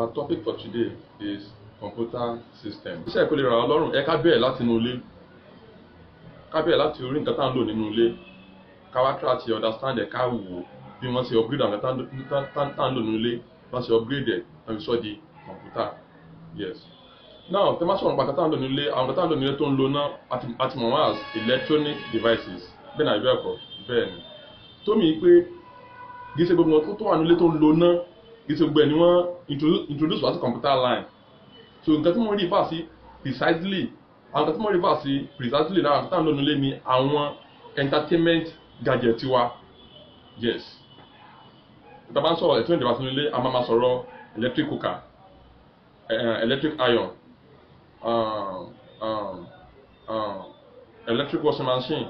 our topic for today is computer system. iṣẹ́ ìkọlẹ̀ ìrànwọ́ lọ́rùn ẹ ká bẹ̀rẹ̀ láti inú ilé ká bẹ̀rẹ̀ láti orí nǹkan tá à ń lò nínú ilé ká wá try to understand ẹ̀ ká wò ó bí wọ́n ṣe upgrade àwọn nǹkan tá à ń lò nínú ilé wọ́n ṣe upgrade ẹ̀ wọ́n fi sọ di computer yes. now tẹ́ máa sọ̀rọ̀ nípa nǹkan tá à ń lò nínú ilé àwọn nǹkan tá ń lò nínú ilé tó ń lo ná àti mọ̀ wọ́n as electronic devices bẹ́ẹ̀ ni àbí ẹ̀kọ́ bẹ́ẹ̀ ni tó mi pé kì í ṣe gbogbo nǹkan tó wà nílé tó ń lo ná ètò ìgbẹ́ ni wọ́n introduce wá sí computer line so nǹkan tí mo rí fà sí precisely àwọn nǹkan tí mo rí fà precisely lára nǹkan tí àwọn ọ̀nà ní àwọn entertainment gadget wa yes ìta bá ń sọ̀rọ̀ ẹ̀tún ìjọba sínú ilé a máa ma sọ̀rọ̀ electric cooker eh, electric iron um, um, um, electric washing machine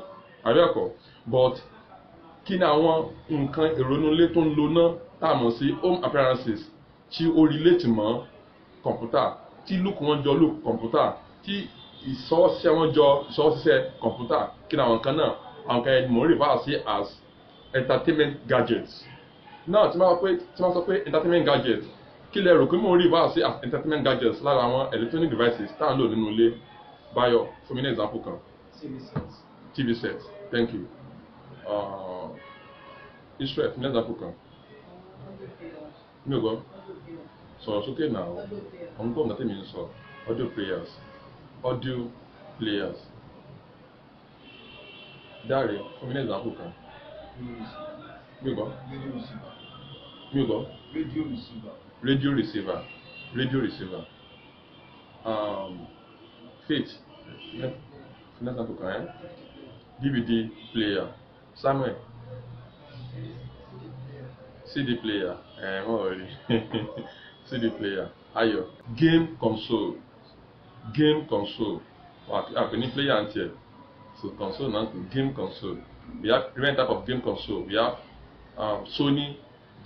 àbí ẹ̀kọ́ but kí ni àwọn nǹkan ìrònúlé tó ń lo ná tá a mọ̀ sí home appliances tí ó relate mọ́ kọ̀ǹpútà tí lùkù wọn jọ lùkù kọ̀ǹpútà tí ìṣọwọ́ṣiṣẹ́ wọn jọ ìṣọwọ́ṣiṣẹ́ kọ̀ǹpútà kí ni àwọn nǹkan náà àwọn nǹkan ẹni mò ń rìfà sí as entertainment gadgets náà tí wọ́n sọ pé entertainment gadgets kí lẹ rò pé mò ń rìfà sí as entertainment gadgets lára àwọn electronic devices tá à ń lò nínú ilé Báyọ̀ fún mi ní example kan TV TV set. Thank you. Ah, Israel fún South Africa mi ò gbọ́ sọ̀rọ̀ sókè náà ọ̀hún gbọ́ ọ̀gá tèmi ń sọ audio players audio players dáre fún mi ní example kan mi ò gbọ́ mi ò gbọ́ radio receiver radio receiver radio receiver um, faith fún example kan eh? DVD player. Samuel CD player eh? wọ́n rí CD player Ayo. game console game console àpè ní player àti ẹ̀ so console náà game console we have different type of game console we have um, Sony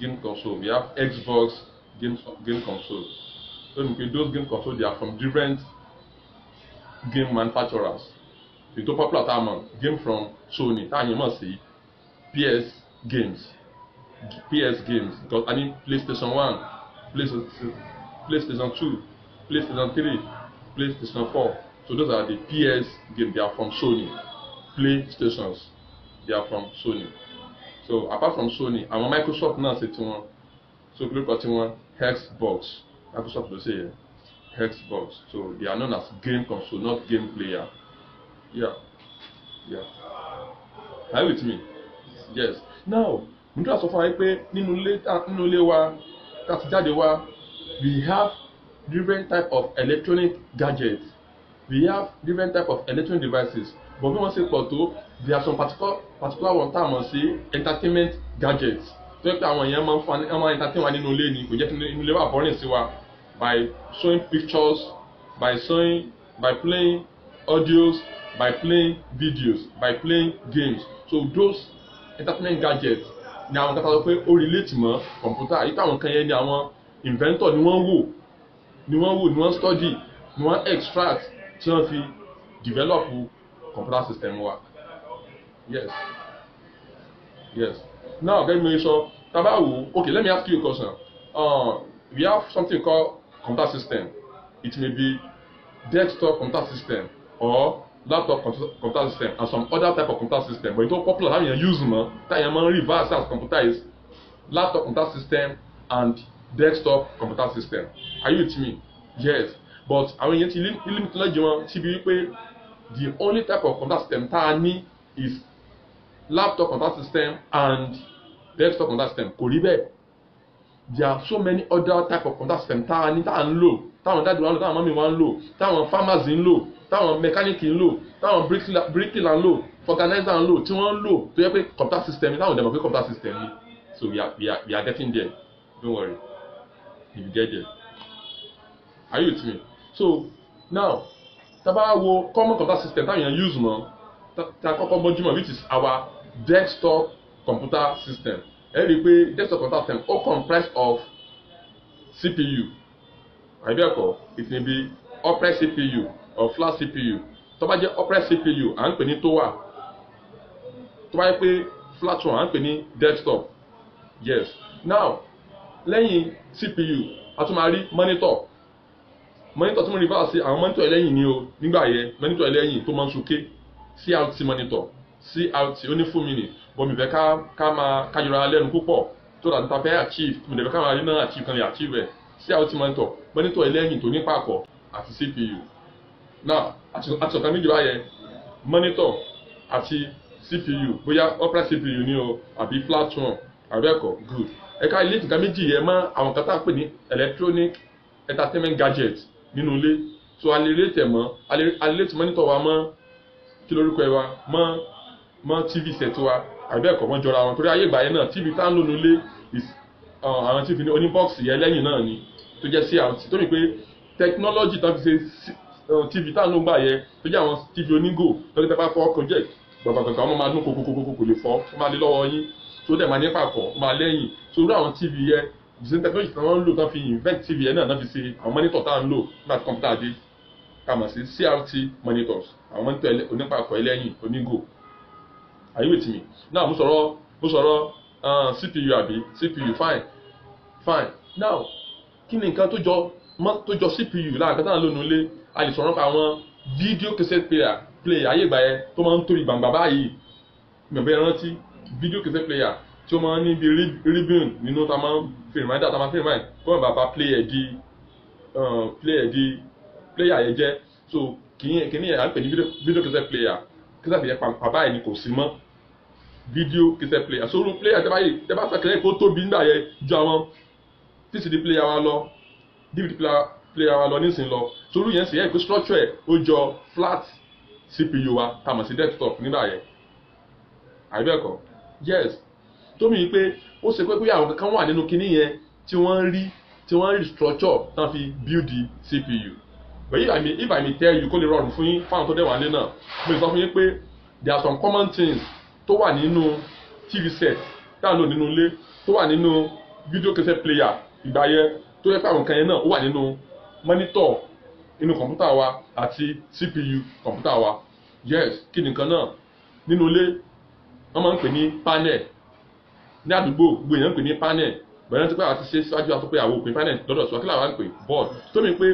game console we have Xbox game, game console so those game console they are from different game manufacturers èyí tó popular tá a mọ̀ game from sony tá a yẹn mọ̀ sí ps games ps games because I mean, playstation one playstation two playstation three playstation four so those are the ps games they are from sony playstations they are from sony so apart from sony àwọn microsoft náà ṣe tiwọn so kí ló kọ tiwọn xbox microsoft ló ṣe yẹ xbox so they are known as game console not game player. Yeah. Yeah. Are you with me? Yes. Now, Mùtúrà sọ fún wa pé nínú ilé wa láti jáde wa we have different type of electronic gadgets we have different type of electronic devices but bí wọ́n ṣe pọ̀ tó there are some particular particular ones tá a entertainment gadgets tó yẹ pé àwọn èèyàn máa ń fa ẹ máa entertain wa nínú ilé ni kò jẹ́ kí inú ilé wà boring sí wa by showing pictures by showing by playing audios by playing videos by playing games so those entertainment gadgets ni àwọn kátà sọ pé ó relate mọ́ kọ̀mpútà yìí táwọn kan yẹn ni àwọn inventor ni wọ́n wò ni wọ́n wò ni wọ́n study ni wọ́n extract tí wọ́n fi develop computer system wa yes yes now get me sọ tabawo okay let me ask you a question uh, we have something called computer system it may be desktop computer system or laptop computer system and some other type of computer system but e tó popular How èèyàn use mọ́ táwọn èèyàn máa ń reverse as computer is laptop computer system and desktop computer system are you with me yes but àwọn èèyàn ti limit lọ́jọ́ wọn síbi wípé the only type of computer system tá a ní is laptop computer system and desktop computer system kò rí bẹ́ẹ̀ there are so many other type of contact system tá a ní tá a ń lò táwọn dáàdì wa ń lò táwọn mọ́mí wa ń lò táwọn farmers ń lò táwọn mẹkáníìkì ń lò táwọn bíríkìlà ń lò fọganáìsà ń lò tí wọ́n ń lò tó yẹ pé computer system ni táwọn dẹ̀ computer system ni so we are, we are, we are getting there don't worry we will get there are you with me so now tábà wo common computer system táwọn èèyàn use mọ́ tá a kọ́kọ́ mọ́júmọ́ which is our desktop computer system ẹ rí i pé desktop control system ó comprise of CPU àbí ẹ̀kọ́ it may be opera CPU or flash CPU tó bá jẹ́ opera CPU à ń pè ní towa tó bá yẹ pé flat one à ń pè ní desktop yes now lẹ́yìn CPU a tún máa rí monitor monitor tí mo rí báyìí sí àwọn monitor ẹlẹ́yìn ni o nígbà yẹn monitor ẹlẹ́yìn tó máa ń sunké CRT monitor crt ó ní fún mi nì bọ́ mi fẹ́ ká ká máa kájọra lẹ́nu púpọ̀ tó dà nípa fẹ́ achieve mi dẹ̀ fẹ́ ká máa rí náà achieve kan lè achieve ẹ̀ crt monitor monitor ẹlẹ́yìn tó ní pàkọ́ àti cpu now àti ọ̀kan méjì báyẹn monitor àti cpu bóyá opera cpu ni o àbí flat one àbẹ́ẹ̀kọ́ good ẹ̀ka ilé ìtìká méjì yẹn mọ́ àwọn kan tá à pè ní electronic entertainment gadget nínú ilé so a lè rate ẹ̀ mọ́ a lè rate monitor wa mọ́ kí lórúkọ ẹ wa mọ́ mọ́ tv set wa àbí ẹ̀kọ́ mọ́ jọra wọn torí ayé ìgbà yẹn náà tv tá ń lò nílé uh, àwọn tv ní oníbọ́ọ̀sì yẹn lẹ́yìn náà ni tó jẹ́ sí àwọn tó ní pé technology tó fi ṣe uh, tv tá ń lò gbà yẹn tó jẹ́ àwọn tv onígò tó ní pẹ́pà fọ́ project gbàgbàgbàgbà wọn máa dún kókókókó kò lè fọ́ wọn máa lé lọ́wọ́ yín tó dẹ̀ máa nípa kọ̀ máa lẹ́yìn tó rú àwọn tv yẹn ìṣẹ́ technology tí wọ́n ń lò tán fi invent tv yẹn náà náà fi ṣe àwọn monitor tá à ń lò nígbà tí kọ̀m̀pútà dé kà mà sí crt monitors àwọn monitor onípàkọ́ ẹlẹ́yìn onígò are you with me now mo sọ̀rọ̀ mo sọ̀rọ̀ uh, cpu àbí cpu fine fine now kí ni nǹkan tó jọ tó jọ cpu láàkátà lónìí ilé a lè sọ̀rọ̀ nípa àwọn video cassette player player ayé ìgbà yẹn tó máa ń tóbi gbàǹgbà báyìí mẹ̀bẹ́ rántí video cassette player tí ó máa ń ní ribbon nínú tá a máa ń fi reminder tá a máa fi remind kó wọn bàbá player di uh, player di player yẹn jẹ́ so kìíní yẹn à ń pè ní video cassette player cassette player, pàpà yẹn ni kò sí mọ́ video cassette player so irú player tẹ́ bá yìí tẹ́ bá sàkẹ́lẹ́ kó tóbi nígbà yẹn ju àwọn tcd player wa lọ dvd player wa lọ nísìnyí lọ so irú yẹn sì yẹ kó structure ẹ̀ ó jọ flat cpu wa tá a mọ̀ sí desktop nígbà yẹn àbí bẹ́ẹ̀ kọ́ yes tó mi pé ó ṣe pé bóyá àwọn kankan wà nínú kinní yẹn tí wọ́n rí tí wọ́n rí structure tán fi build cpu but if i may if i may tell you kó lè rọrùn fún yín fáwọn tó dẹ̀ wà nílẹ̀ náà mo sọ fún yín pé there are some common things tó wà nínú tv set táwọn náà nínú ilé tó wà nínú video cassette player ìgbà yẹn tó yẹ pé àwọn nǹkan yẹn náà ó wà nínú mọ́nítọ̀ inú kọ̀ǹpútà wa àti cpu kọ̀ǹpútà wa yes kí nìkan náà nínú ilé wọ́n máa ń pè ní panel ní àdúgbò gbogbo èèyàn ń pè ní panel bẹ̀rẹ̀ tó pé àti ṣe síwájú àti pé àwọn òpin panel lọ́dọ̀ sọ kí làwọn ń pè board tó mi pé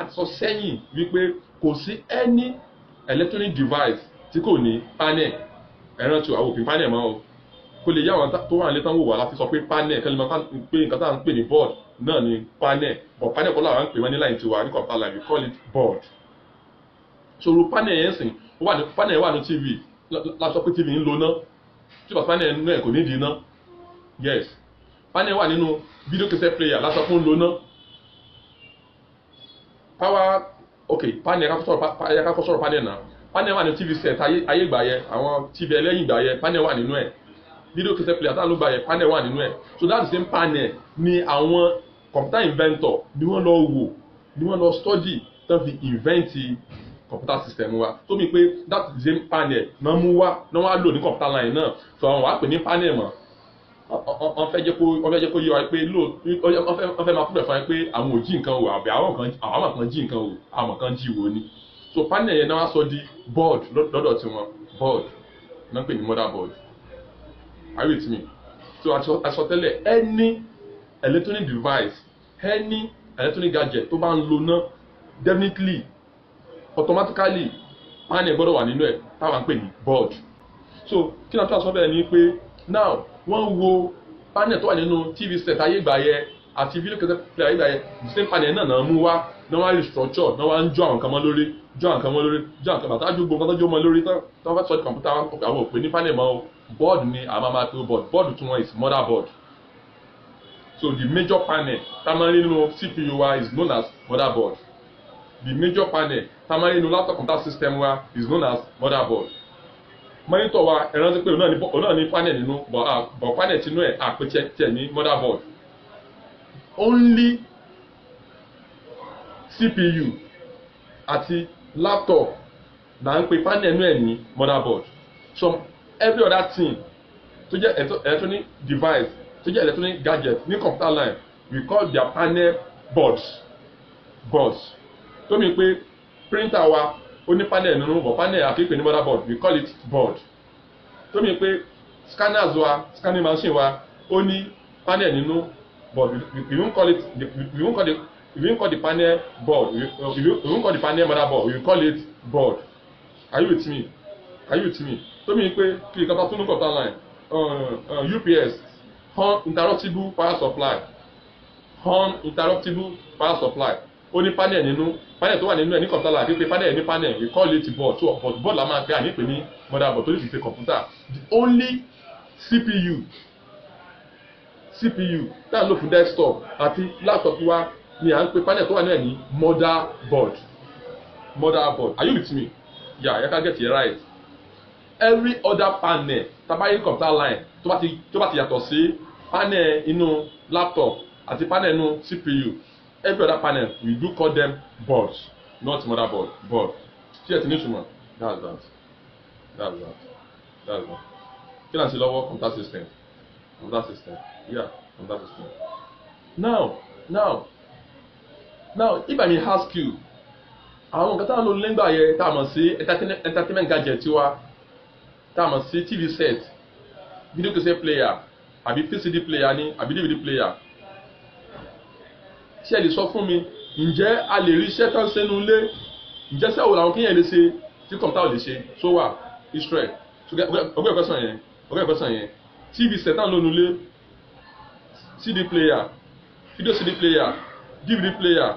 àtisọ sẹ́yìn wípé kò sí any electronic device tí kò ní panel ẹran tí àwọn òfin panel mọ́ o kó lè yá àwọn tó wà nílé tán wò wá láti sọ pé panel kẹ́lẹ́ mọ́ pé nǹkan tá à ń pè ní board náà ni panel but panel kọ́ làwọn ń pè wọ́n ní láyìn tiwa ní kọ̀ọ̀tà láì we call it board ṣòro panel yẹn sìn panel wà ní tv láti sọ pé tv ń lo ná tí bàtà panel náà kò nídìí ná yes panel wà nínú video cassette player láti sọ pé ń lo ná power ok panel kakọ sọ̀rọ̀ panel náà panel wà ní tv set ayé ìgbà yẹ àwọn tv ẹlẹ́yìn ìgbà yẹ panel wà nínú ẹ̀ video cassette player táwọn ló gbà yẹ panel wà nínú ẹ̀ so that same panel ni àwọn computer inventor ni wọ́n lọ wò ni wọ́n lọ study tán fi invent computer system wa tó mi pé that same panel náà mú wá náà wá lò ní computer line náà so àwọn wàá pè ní panel mọ́ wọ́n fẹ́ jẹ́ kó wọ́n fẹ́ jẹ́ kó yé wa pé ló wọ́n fẹ́ máa púpẹ̀ fún wa pé àwọn ò jí nǹkan wò àbí àwọn kan jí nǹkan wò àwọn kan jí wò ni so panel yẹn náà wá sọ di board lọ́dọ̀ tí wọ́n board náà pè ní motherboard are you with me so àsọtẹ́lẹ̀ any electronic device any electronic gadget tó bá ń lo náà definitely automatically panel gbọ́dọ̀ wà nínú ẹ̀ táwa ń pè ní board so kí náà tó àsọ bẹ́ẹ̀ ni pé now wọ́n wo panel tó wà nínú tv set ayé ìgbà yẹn àti video cassette player ayé ìgbà yẹn the same panel náà náà mú wá ní wọ́n á restructure ní wọ́n á ń jọ àwọn kan mọ́ lórí jọ àwọn kan mọ́ lórí jọ àwọn kan bàtà ju gbogbo ọjọ́ mọ́ lórí tán tí fẹ́ sọ kọ̀m̀pútà àwọn òpè ní panel mọ́ board ni àwọn máa pe board board tí wọ́n is motherboard so the major panel tamari nínú CPU wa is known as motherboard the major panel tamari nínú laptop computer system wa is known as motherboard monitor wa ẹ rántí pé òun náà ní panel nínú bọ̀ ah, panel tinú ẹ̀ àpètẹ̀ ní motherboard only CPU àti laptop na ń pe panel inú ẹ̀ ní motherboard some every other thing tó jẹ́ electronic device tó jẹ́ electronic gadget ní computer line we call their panel boards boards tó mi pé printer wa ó ní panel nínú but panel àkíkè ní motherboard we call it board tó mi pé scanners wa scanning machine wa ó ní panel nínú but we, we, we won't call it we, we won't call it If you call the panel board, if you, uh, if you, call the panel motherboard, you call it board. Are you with me? Are you with me? So mi pé kí n kọ́ta tún line uh, uh, UPS on interruptible power supply on interruptible power supply ó ní panel nínú panel tó wà nínú ẹ̀ ní kọ́ta line pípé panel ní panel we call it board so but board la máa pè àní ní motherboard tó lè fi ṣe computer the only CPU CPU tá à ń lò fún desktop àti laptop wa ni à ń pe panel tó wà náà ní motherboard motherboard are you with me yeah yẹ ká get it right every other panel tabayi computer line tó bá ti tó bá ti yàtọ̀ sí panel inú laptop àti panel inú CPU every other panel we do call them boards not motherboard board ṣé ẹ ti ní ìtumọ̀ that's that that's that that's that kí là ń ṣe lọ́wọ́ computer system computer system yeah computer system now now now if i may ask you àwọn nǹkan tá a ń lò lẹ́ngbà yẹn tá a mọ̀ sí entertainment gadget wa tá a mọ̀ sí tv set video cassette player àbí pcd player ni àbí dvd player ṣé ẹ lè sọ fún mi ǹjẹ́ a lè rí iṣẹ́ tán sẹ́nu ilé ǹjẹ́ sẹ́ wo làwọn kéèyàn lè ṣe tí kọ̀ǹpútà ò lè ṣe tó wà israel ọgbẹ́ ìkọ́sàn yẹn ọgbẹ́ ìkọ́sàn yẹn tv set tá à ń lò nílé cd player video cd player dvd player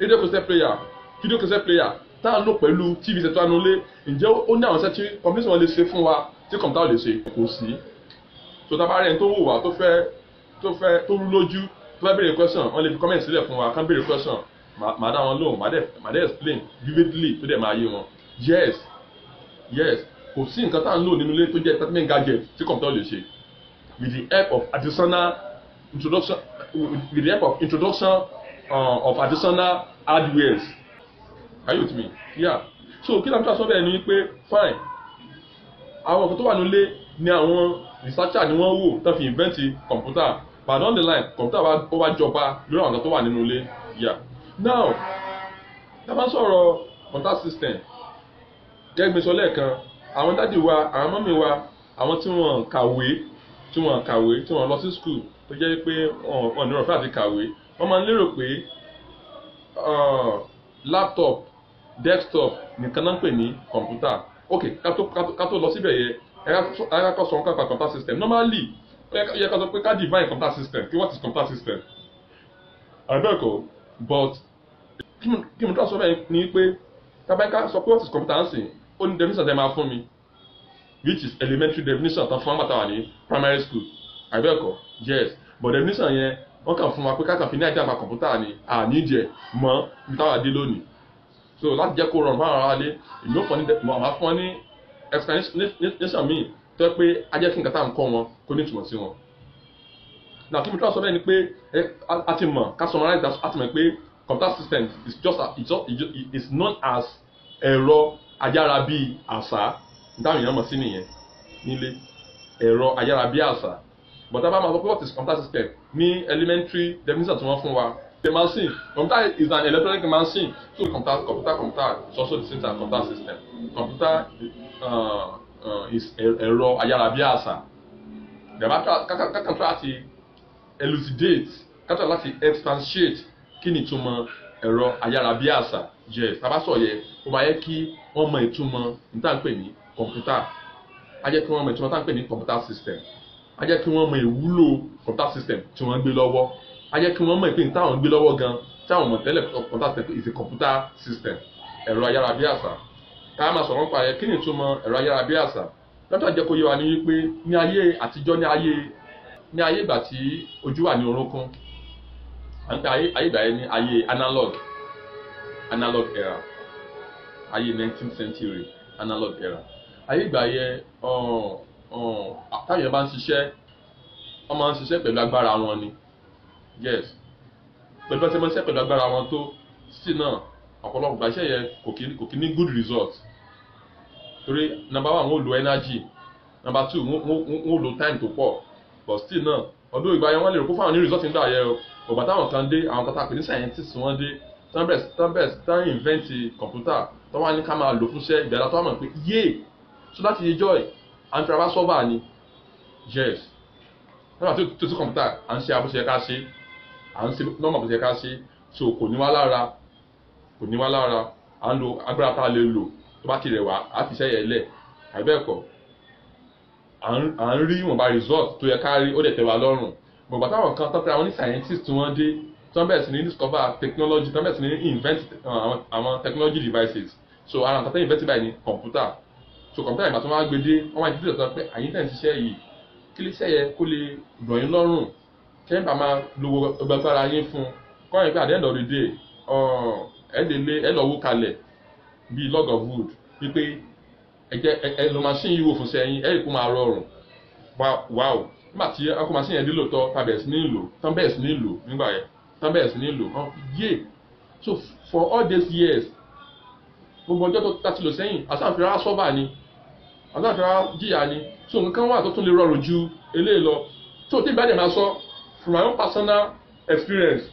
lédè kò sẹ́ prayer fídíò kò sẹ́ prayer tá à ń lò pẹ̀lú tv ṣètò anulé ǹjẹ́ ó ní àwọn iṣẹ́ tí kọ̀mínísì wọn lè ṣe fún wa tí kọ̀mítà ò lè ṣe kò sí so tá a bá rẹ̀ ń tó wò wá tó fẹ́ tó fẹ́ tó rú lójú tó fẹ́ béèrè question wọ́n lè fi comment sílẹ̀ fún wa kán béèrè question màá dá wọn lóhùn màá dẹ̀ explain vividly tó dẹ̀ máa yé wọn yes yes kò sí nǹkan tá à ń lò nínú ilé tó jẹ́ entertainment gadget tí kọ̀mítà ò lè ṣe with the help of additional introduction with the help of introduction uh, of additional hardware are you with me yeah so kí lóun tó àṣọ bẹ́ẹ̀ ni pé fine àwọn ọ̀kan tó wà nílé ni àwọn researcher ni wọ́n wò tán fi invent computer but on the line computer ó wá jọba lórí àwọn ọ̀kan tó wà nínú ilé yeah now tá a bá sọ̀rọ̀ computer system gẹ́gbẹ́sọ lẹ́ẹ̀kan àwọn dádì wa àwọn mọ́mì wa àwọn tí wọ́n kàwé tí wọ́n kàwé tí wọ́n lọ sí school tó jẹ́ pé ọ̀nà ìrọ̀fẹ́ àti kàwé wọ́n máa ń lérò pé uh, laptop desktop nìkan náà ń pè ní kọ̀ǹpútà ok ká tó lọ síbẹ̀ yẹ ẹ̀ka kọ́ sọ̀rọ̀ nípa computer system normally yẹ ká sọ pé ká divine computer system kí what is computer system àbẹ́ẹ̀kọ́ but kí mo tó sọ bẹ́ẹ̀ ni pé tábàáká sọ pé what is computer ń sìn ó ní definition tẹ́ máa fún mi which is elementary definition tán fún àgbàtà wà ní primary school àbẹ́ẹ̀kọ́ yes but definition yẹn wọ́n kàn fún wa pé kákan fi ní àìdá àgbà kọ̀ǹpútà ni àní jẹ mọ́ ibi táwa dé lónìí so láti jẹ́ kó rọrùn fáwọn aráalé ìlú fún ní àmà fún ní explanation míì tó yẹ pé ajẹ́ kí nǹkan tá à ń kọ́ wọn kó ní ìtumọ̀ sí wọn. now kí mi tó sọ bẹ́ẹ̀ ni pé a ti mọ̀ ká summarize that a ti mọ̀ pé computer system is just it's just it's known as ẹ̀rọ ayára bíi àṣà dáhùn ìyàmọ̀ sí nìyẹn nílé ẹ̀rọ ayára bíi àṣà but tá a sọ pé what is computer system ní elementary definition tí wọ́n fún wa the machine computer is an electronic machine so computer computer computer is also the same as computer system computer uh, uh, is er, ẹ̀rọ ayárabíàṣá dàbá kákàtà láti elucidate kákàtà láti expatiate kí ni ìtumọ̀ ẹ̀rọ ayárabíàṣá jẹ́ tabasọ̀yẹ ó máa yẹ kí wọ́n mọ ìtumọ̀ níta ń pè ní kọ̀ǹpútà á jẹ́ kí wọ́n mọ ìtumọ̀ níta ń ní kọ̀ǹpútà system á jẹ́ kí wọ́n mọ ìwúlò contact system tí wọ́n gbé lọ́wọ́ á jẹ́ kí wọ́n mọ ìpín táwọn gbé lọ́wọ́ gan táwọn mọ̀ tẹ́lẹ̀ contact system is a computer system ẹ̀rọ ayárabíàṣá ká máa sọ̀rọ̀ nípa ẹ̀ kí ni ìtumọ̀ ẹ̀rọ ayárabíàṣá lọ́tọ̀ jẹ́ kó yé wa ní wípé ní ayé àtijọ́ ní ayé ní ayé ìgbà tí ojú wà ní orúnkún à ń pè ayé ìgbà yẹn ní ayé analog analog era ayé nineteenth century analog era ayé ìgbà yẹn táyẹ̀ bá ń ṣiṣẹ́ wọ́n máa ń ṣiṣẹ́ pẹ̀lú agbára wọn ni yes pẹ̀lú bá ṣe máa ń ṣiṣẹ́ pẹ̀lú agbára wọn tó sí náà ọ̀pọ̀lọpọ̀ gbàṣẹ́ yẹn kò kí ní good result torí number one wọ́n lo energy number two wọ́n lo time tó pọ̀ but still náà ọdún ìgbà yẹn wọ́n lè rò kó fáwọn ní result nígbà yẹn o ọ̀gbà táwọn kan dé àwọn kan tá a pè ní scientist wọ́n dé tambes tambes tan invent computer tó wá ní ká máa lò fúnṣẹ́ ìgbàlá tó wà mọ̀ pé yé so láti yé joy antiravasova ni yes nígbà tí tó tún kọ̀m̀pútà à ń ṣe àbúṣe ká ṣe à ń ṣe nọ́mà àbúṣe ká ṣe so kò ní wá lára kò ní wá lára à ń lo agbára tá a lè lò tó bá ti rẹ̀ wá á fi iṣẹ́ yẹn lẹ̀ àbẹ́ẹ̀kọ́ à ń rí ìwọ̀nba result tó yẹ ká rí ó dẹ̀ tẹ́ wa lọ́rùn gbogbo àtàwọn kan tó pé àwọn ní scientist tí wọ́n dé tí wọ́n bẹ̀rẹ̀ sí ní discover technology tí wọ́n bẹ̀rẹ̀ sí ní invent uh, àwọn technology devices so ara nǹkan tó invent báyìí ni computer so kọ̀m̀pútà ìgbà tó máa gbé dé wọ́n máa ń tẹ́lẹ̀ sọ pé àyín tẹ̀ ń ṣiṣẹ́ yìí kí lè ṣẹ̀yẹ kó lè ràn yín lọ́rùn kẹ́ ẹ̀ bá máa lo ọgbàgbára yín fún kọ́ ẹ̀ pé at the end of the day ẹ̀ lè lé ẹ̀ lọ́wọ́ kalẹ̀ bíi log of wood wípé ẹ̀jẹ̀ ẹ̀ lọ́ machine yìí wò fún sẹ́yìn ẹ̀ kó máa rọrùn wow nígbà tí ọkọ̀ machine yẹn dé lóòótọ́ tàbẹ̀ sí ní ìlò tán bẹ̀rẹ̀ sí ní ìlò nígbà yẹn tán bẹ̀rẹ̀ sí ní ìlò hàn yé so for all these years gbogbo ọjọ́ tó tà ti lò sẹ́yìn àsáǹfìrà sọ́bà ni ọlọ́dọ̀ jìyà ni so nǹkan wà tó tún lè rọrùn ju eléyìí lọ so tí ìbáyìí máa sọ from my own personal experience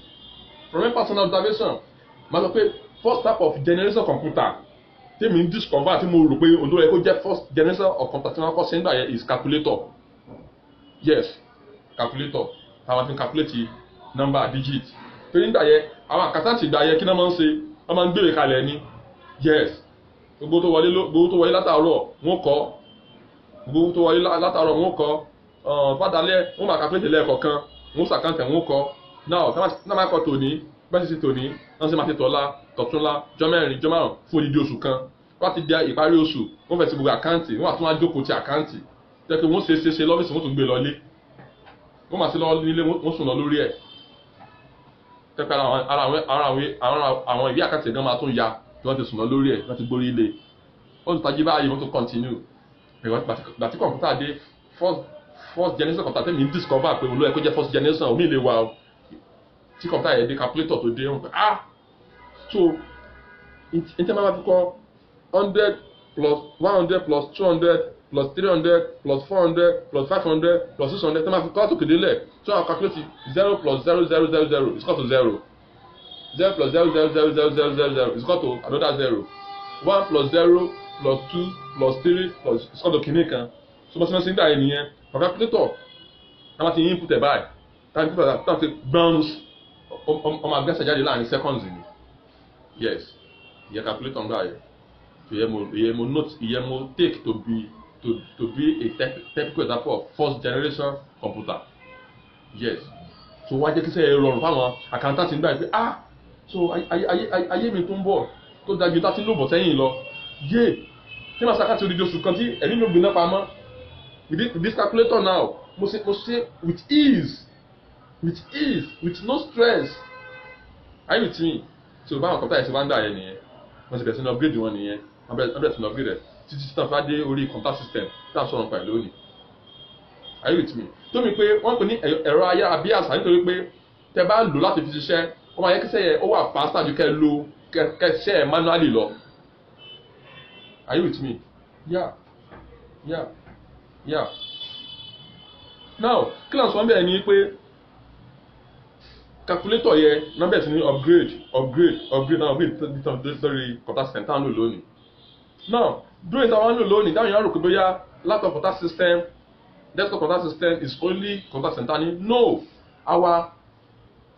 from my own personal observation máa sọ pé first type of generation computer tí mi ń discover tí mo rò pé olóró kó jẹ́ first generation of computer tí wọ́n kọ́ sí nígbà yẹn is calculator yes calculator táwọn fi ń calculate number digit torí nígbà yẹn àwọn àkàtà ti gbà yẹn kí náà máa ń ṣe wọ́n máa ń gbèrè kalẹ̀ ni yes gbogbo tó wọlé látàárọ̀ wọn kọ́ gbogbo tó wọlé látàárọ̀ wọn kọ́ fàdálẹ́ wọn bá kàpẹ́tì lẹ́ẹ̀kọ̀kan wọn sàkáǹtẹ̀ wọn kọ́ náà náà má kọ́ tòní bẹ́ẹ̀ sì tòní náà sì má ti tọ́lá tọ̀túnlá jọ́mẹ́rin jọ́márùn fún odidi oṣù kan wọ́n ti di ìparí oṣù wọ́n fẹ̀ sí gbogbo àkáǹtì wọ́n àtúnwá jókòó ti àkáǹtì tẹ́tí wọ́n ṣe ṣe ṣe lọ́fíìsì wọ́n tún gbé lọ ilé wọ́n máa ṣe lọ nílé wọ́n sùn lọ lórí ẹ̀ tẹ́pẹ́ ara àwọn ìwé àkáǹtì gan máa tún ya tí wọ́n ti sùn lọ lórí ẹ̀ láti gbórí ilé ó ti tají báyìí wọ́n tún continue ẹ̀rọ gbàtí kọ̀ǹpútà dé first generation kọ̀ǹpútà tẹ́mi ń discover pé olóyè kó jẹ́ first generation omi ìlé wa tí kọ̀ǹpútà yẹn dé calculator tó dé wọn pé ah so n tẹ́ máa fi kọ́ hundred plus one hundred plus two hundred plus three hundred plus four hundred plus five hundred plus six hundred tẹ́ máa fi kọ́ àtòkèdélẹ̀ tí wọ́n calculate zero plus zero zero zero zero is equal to zero zero plus zero zero zero zero zero zero zero is equal to another zero one plus zero plus two plus three plus is called to kìíní kan so bó ṣe máa ṣe ń gbà yẹn nìyẹn for calculator tá a bá ti input ẹ̀ báyìí tá a ti input ẹ̀ a ti gbọ́n ọmọ agbẹ́sẹ̀ jáde láàrin seconds ni yes ìyẹn calculator ń gbà yẹn ìyẹn mo ìyẹn mo note ìyẹn mo take to be to to be a typical example of first generation computer yes so wá jẹ́ kí sẹ́yìn rọrùn fáwọn àkàntà ti ń gbà yẹn pé ah so ayé mi tó ń bọ̀ tó dájú tá ti ń lò bọ̀ sẹ́yìn lọ yé tí màá sàkàtì odidi oṣù kan tí ẹ̀mí mi ò gbiná pamọ́ with this calculator now mo ṣe mo ṣe with ease with ease with no stress are you with me so báwọn kọ̀ọ̀tà yẹn ti wá ń dà yẹn nìyẹn wọ́n ti bẹ̀rẹ̀ sí ní upgrade wọn nìyẹn wọ́n bẹ̀rẹ̀ sí ní upgrade rẹ̀ títí tí tàǹfà dé orí computer system tá à ń sọ̀rọ̀ pẹ̀lú lónìí are you with me tó mi pé wọ́n pè ní ẹ̀rọ ayárabíàṣá nítorí pé tẹ bá ń lò láti fi ṣiṣẹ́ ó máa yẹ kí sẹ́yẹ ó wà pásítà ju kẹ́ lo kẹ́ sẹ́yẹ manually lọ are you with me yeah yeah yeah now kí lóun sọ wọn bẹ̀rẹ̀ ni pé calculator yẹ nọ́mbẹ̀ sí ni upgrade upgrade upgrade náà upgrade lórí computer system táwọn lò lónìí now dúró ìta wọn lò lónìí táwọn yàrá rò pé bóyá laptop computer system desktop computer system is only computer center ni no our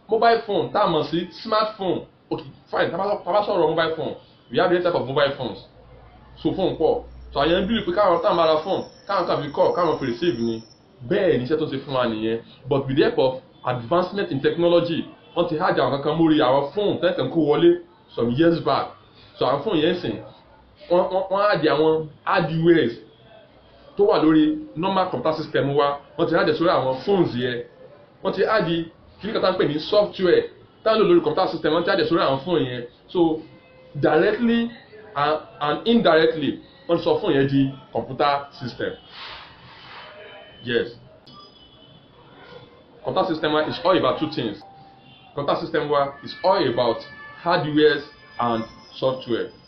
mobile phone tá a mọ̀ sí smartphone ok fine tá a bá sọ̀rọ̀ mobile phone we have different type of mobile phones so phone pọ̀ so àyàn bí pé káwọn tá a máa phone káwọn kàfi call káwọn fi receive ni bẹ́ẹ̀ níṣẹ́ tó ṣe fún wa nìyẹn but with the help of advancement in technology wọ́n ti hájà àwọn kankan mórí àwọn phone tẹ́kàn kó wọlé some years back so àwọn phone yẹn sìn wọ́n hájà àwọn hardware tó wà lórí normal computer system wa wọ́n ti hájà sórí àwọn phones yẹn wọ́n ti hájì kí tá ń pè ní software tá ń lò lórí computer system wọ́n jáde sórí àwọn fóònù yẹn so directly and, and indirectly wọ́n sọ fóònù yẹn di computer system yes computer system wa is all about two things computer system wa is all about hardware and software.